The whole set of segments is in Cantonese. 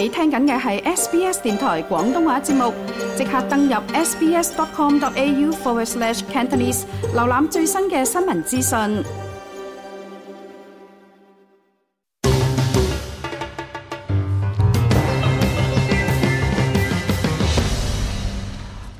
你聽緊嘅係 SBS 電台廣東話節目，即刻登入 sbs.com.au forward slash cantonese，瀏覽最新嘅新聞資訊。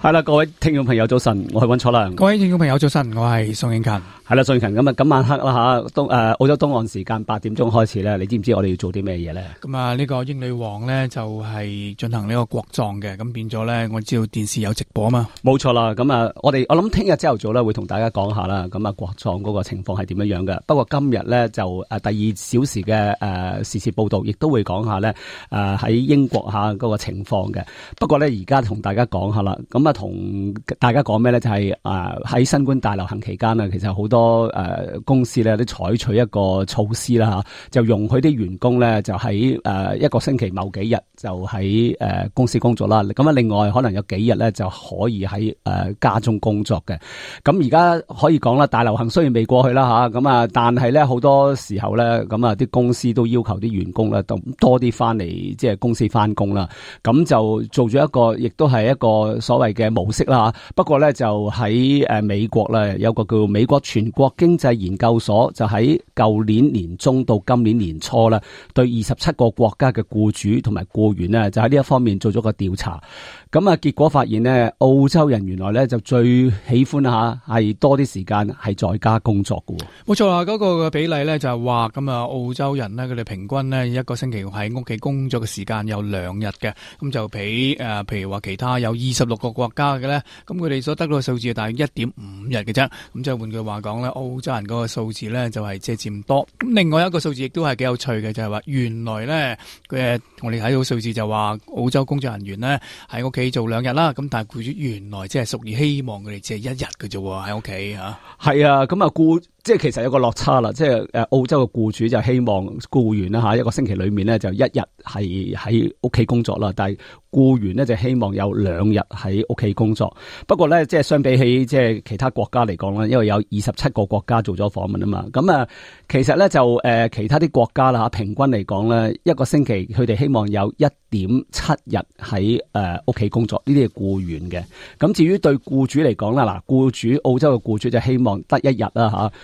Hello，各位聽眾朋友早晨，我係温楚良。各位聽眾朋友早晨，我係宋英勤。係啦，俊強咁啊，今晚黑啦吓東誒，澳、啊、洲東岸時間八點鐘開始咧，你知唔知我哋要做啲咩嘢咧？咁啊，呢個英女王咧就係、是、進行呢個國葬嘅，咁變咗咧，我知道電視有直播啊嘛。冇錯啦，咁啊，我哋我諗聽日朝頭早咧會同大家講下啦，咁啊國葬嗰個情況係點樣樣嘅。不過今日咧就誒第二小時嘅誒、啊、時事報道，亦都會講下咧誒喺英國吓嗰個情況嘅。不過咧而家同大家講下啦，咁啊同大家講咩咧？就係誒喺新冠大流行期間啊，其實好多。多誒公司咧都採取一個措施啦吓，就容許啲員工咧就喺誒一個星期某幾日就喺誒公司工作啦。咁啊，另外可能有幾日咧就可以喺誒家中工作嘅。咁而家可以講啦，大流行雖然未過去啦吓，咁啊，但係咧好多時候咧，咁啊啲公司都要求啲員工咧多多啲翻嚟即係公司翻工啦。咁就做咗一個，亦都係一個所謂嘅模式啦吓。不過咧就喺誒美國咧有個叫美國全。國經濟研究所就喺舊年年終到今年年初啦，對二十七個國家嘅僱主同埋僱員咧，就喺呢一方面做咗個調查。咁啊，結果發現咧，澳洲人原來咧就最喜歡吓係多啲時間係在家工作嘅。冇錯啊，嗰個嘅比例咧就係話，咁啊澳洲人咧，佢哋平均咧一個星期喺屋企工作嘅時間有兩日嘅，咁就比誒，譬、呃、如話其他有二十六個國家嘅呢，咁佢哋所得到個數字大約一點五日嘅啫。咁即係換句話講。澳洲人嗰個數字咧就係即係漸多，咁另外一個數字亦都係幾有趣嘅，就係、是、話原來咧，誒，我哋睇到數字就話澳洲工作人員咧喺屋企做兩日啦，咁但係佢原來即係屬於希望佢哋只係一日嘅啫喎，喺屋企吓，係啊，咁啊雇。即係其實有個落差啦，即係誒澳洲嘅僱主就希望僱員啦吓，一個星期裏面咧就一日係喺屋企工作啦，但係僱員咧就希望有兩日喺屋企工作。不過咧，即係相比起即係其他國家嚟講啦，因為有二十七個國家做咗訪問啊嘛，咁啊，其實咧就誒其他啲國家啦吓，平均嚟講咧一個星期佢哋希望有一點七日喺誒屋企工作呢啲係僱員嘅。咁至於對僱主嚟講啦，嗱，僱主澳洲嘅僱主就希望得一日啦吓。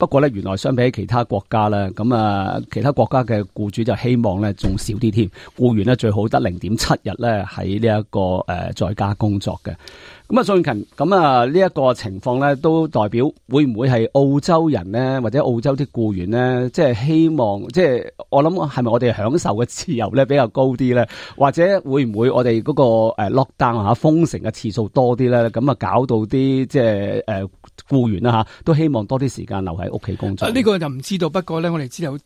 不過咧，原來相比起其他國家咧，咁啊，其他國家嘅雇主就希望咧，仲少啲添。雇員咧最好得零點七日咧，喺呢一個誒、呃、在家工作嘅。咁啊，宋文勤，咁啊呢一個情況咧，都代表會唔會係澳洲人咧，或者澳洲啲雇員咧，即係希望，即係我諗係咪我哋享受嘅自由咧比較高啲咧？或者會唔會我哋嗰個誒 lockdown 啊封城嘅次數多啲咧？咁啊，搞到啲即係誒雇員啦、啊、吓，都希望多啲時間留喺屋企工作，呢、啊這個就唔知道。不過咧，我哋知道。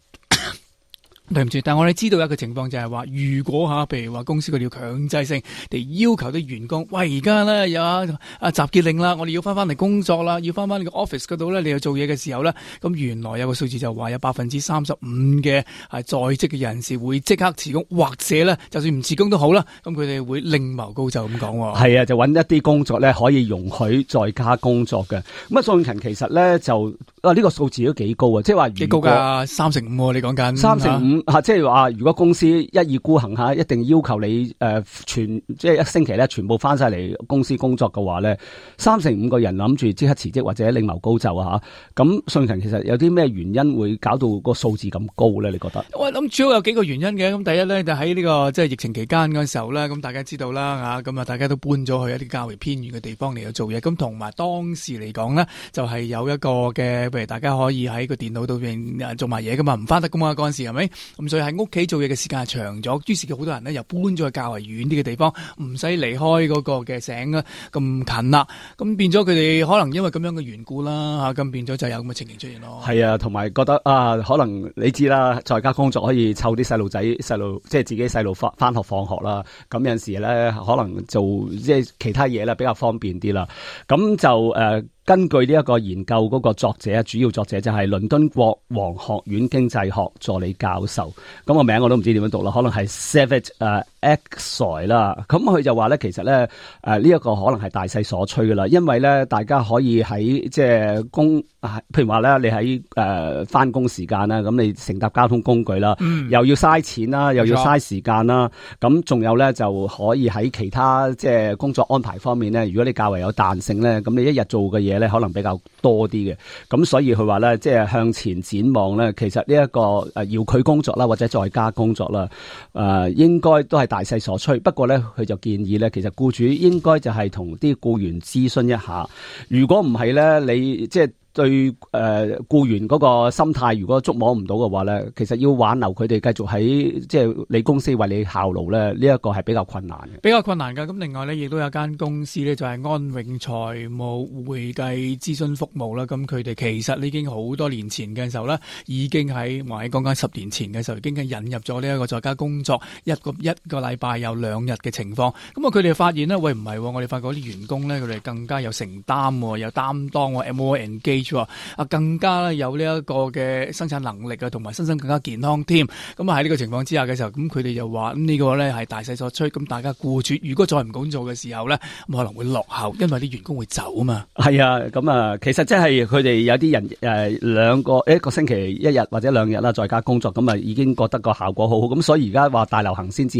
對唔住，但係我哋知道一個情況就係話，如果吓，譬如話公司佢哋要強制性哋要求啲員工，喂，而家呢，有啊集結令啦，我哋要翻翻嚟工作啦，要翻翻呢個 office 嗰度呢，你要做嘢嘅時候呢，咁原來有個數字就話有百分之三十五嘅係在職嘅人士會即刻辭工，或者呢就算唔辭工都好啦，咁佢哋會另謀高就咁講。係啊，就搵一啲工作呢可以容許在家工作嘅。咁啊，宋勤其實呢，就啊呢個數字都幾高啊，即係話。幾高噶，三成五喎，你講緊。三成五。啊，即係話如果公司一意孤行下一定要求你誒、呃、全即係一星期咧，全部翻晒嚟公司工作嘅話咧，三成五個人諗住即刻辭職或者另謀高就啊吓。咁、嗯、信程其實有啲咩原因會搞到個數字咁高咧？你覺得？我諗主要有幾個原因嘅。咁第一咧就喺呢、這個即係疫情期間嗰陣時候咧，咁大家知道啦吓，咁啊大家都搬咗去一啲較為偏遠嘅地方嚟到做嘢。咁同埋當時嚟講咧，就係、是、有一個嘅，譬如大家可以喺個電腦度邊做埋嘢噶嘛，唔翻得工啊嗰陣時係咪？咁所以喺屋企做嘢嘅時間係長咗，於是嘅好多人咧又搬咗去較為遠啲嘅地方，唔使離開嗰個嘅城啊咁近啦。咁變咗佢哋可能因為咁樣嘅緣故啦吓，咁變咗就有咁嘅情形出現咯。係啊，同埋覺得啊，可能你知啦，在家工作可以湊啲細路仔細路，即係自己細路翻翻學放學啦。咁有陣時咧，可能做即係其他嘢啦，比較方便啲啦。咁就誒。呃根據呢個研究，嗰個作者，主要作者就係倫敦國王學院經濟學助理教授。咁個名字我都唔知點樣讀啦，可能係 s a v e 誒，才啦，咁佢就話咧，其實咧，誒呢一個可能係大勢所趨噶啦，因為咧，大家可以喺即係工，譬如話咧，你喺誒返工時間啦，咁你乘搭交通工具啦、嗯，又要嘥錢啦，又要嘥時間啦，咁仲有咧就可以喺其他即係工作安排方面咧，如果你較為有彈性咧，咁你一日做嘅嘢咧可能比較多啲嘅，咁所以佢話咧，即係向前展望咧，其實呢一個誒，遙距工作啦，或者在家工作啦，誒、呃，應該都係。大勢所趨，不過呢，佢就建議呢，其實僱主應該就係同啲僱員諮詢一下。如果唔係呢，你即係。對誒，僱員嗰個心態，如果捉摸唔到嘅話咧，其實要挽留佢哋繼續喺即係你公司為你效勞咧，呢一個係比較困難嘅。比較困難噶咁另外呢，亦都有間公司呢，就係安永財務會計諮詢服務啦。咁佢哋其實已經好多年前嘅時候呢，已經喺話起講緊十年前嘅時候，已經引入咗呢一個在家工作一個一個禮拜有兩日嘅情況。咁啊，佢哋發現呢，喂唔係，我哋發覺啲員工呢，佢哋更加有承擔，有擔當 m n 話啊，更加有呢一個嘅生產能力啊，同埋身心更加健康添。咁啊喺呢個情況之下嘅時候，咁佢哋就話咁呢個咧係大勢所趨。咁大家僱主如果再唔咁做嘅時候咧，咁可能會落後，因為啲員工會走啊嘛。係啊，咁啊，其實即係佢哋有啲人誒，兩個一個星期一日或者兩日啦，在家工作咁啊，已經覺得個效果好好。咁所以而家話大流行先至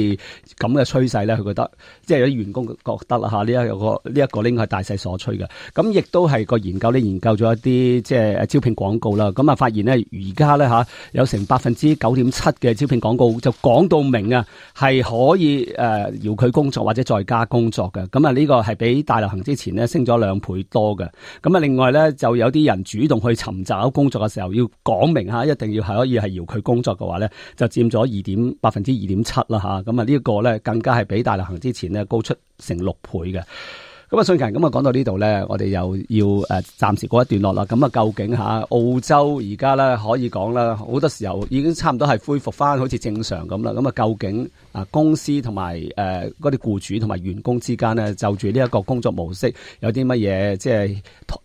咁嘅趨勢咧，佢覺得即係有啲員工覺得啦吓，呢一個呢一個應該係大勢所趨嘅。咁亦都係個研究咧，研究咗一啲。啲即係招聘廣告啦，咁啊發現咧，而家咧吓有成百分之九點七嘅招聘廣告就講到明啊，係可以誒，遙距工作或者在家工作嘅。咁啊，呢個係比大流行之前咧升咗兩倍多嘅。咁啊，另外咧就有啲人主動去尋找工作嘅時候，要講明吓，一定要係可以係遙距工作嘅話咧，就佔咗二點百分之二點七啦吓。咁啊，呢個咧更加係比大流行之前咧高出成六倍嘅。咁啊，信勤咁啊，講到呢度咧，我哋又要誒，暫、呃、時，過一段落啦。咁、嗯、啊，究竟吓、啊、澳洲而家咧可以講啦，好多時候已經差唔多係恢復翻，好似正常咁啦。咁、嗯、啊，究竟啊公司同埋誒嗰啲僱主同埋員工之間咧，就住呢一個工作模式有啲乜嘢即係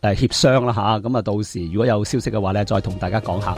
誒協商啦吓。咁啊、嗯，到時如果有消息嘅話咧，再同大家講下。